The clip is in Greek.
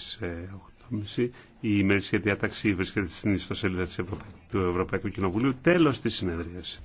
Σε 8.30. Η ημερήσια διάταξη βρίσκεται στην ιστοσελίδα του Ευρωπαϊκού Κοινοβουλίου. Τέλος της συνεδρίας.